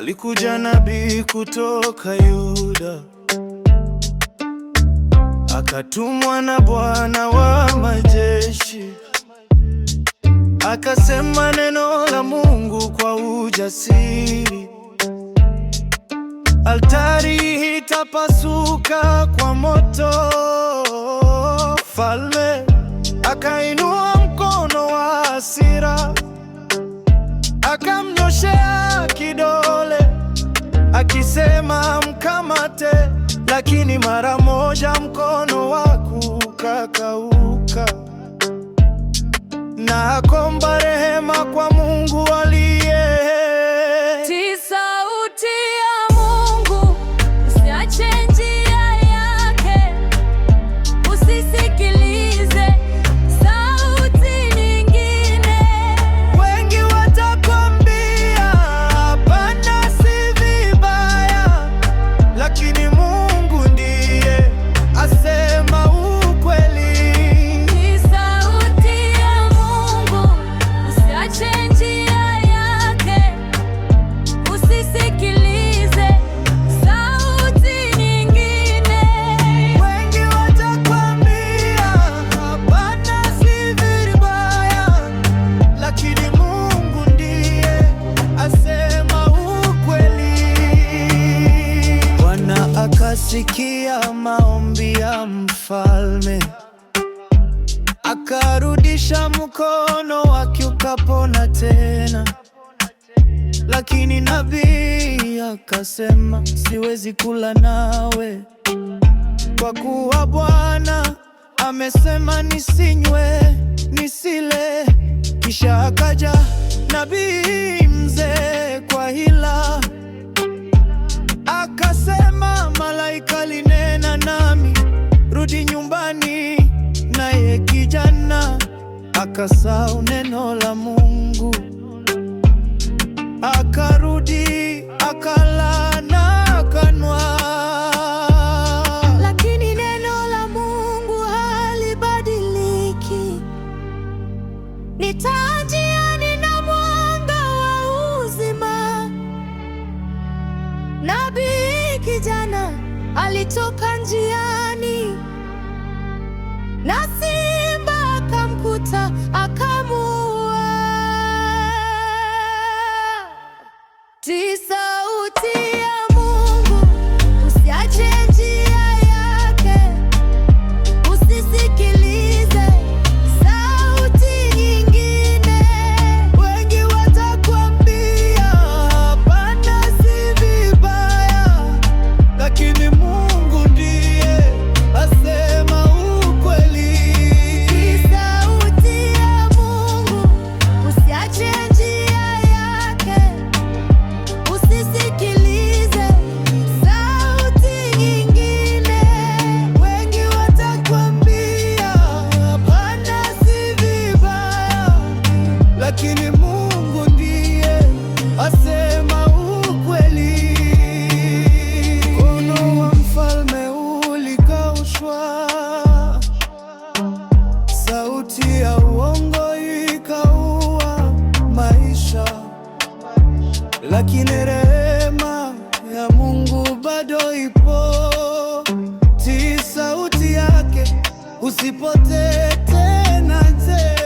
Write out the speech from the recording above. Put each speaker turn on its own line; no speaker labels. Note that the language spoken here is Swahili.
Alikuja nabii kutoka Yuda, akatumwa na Bwana wa majeshi, akasema neno la Mungu kwa ujasiri. Altari itapasuka kwa moto, falme akainua lakini mara moja mkono wako ukakauka nakomba Alisikia maombi ya mfalme, akarudisha mkono wake ukapona tena. Lakini nabii akasema, siwezi kula nawe, kwa kuwa Bwana amesema nisinywe, nisile. Kisha akaja nabii mzee kwa akasahau neno la Mungu, akarudi akala na akanywa.
Lakini neno la Mungu halibadiliki, nita njiani na mwanga wa uzima. Nabii kijana alitoka njiani nasi ukuta
lakini Mungu ndiye asema ukweli. Mkono wa mfalme ulikaushwa, sauti ya uongo ikaua maisha, lakini rehema ya Mungu bado ipo. Tii sauti yake, usipotee tena.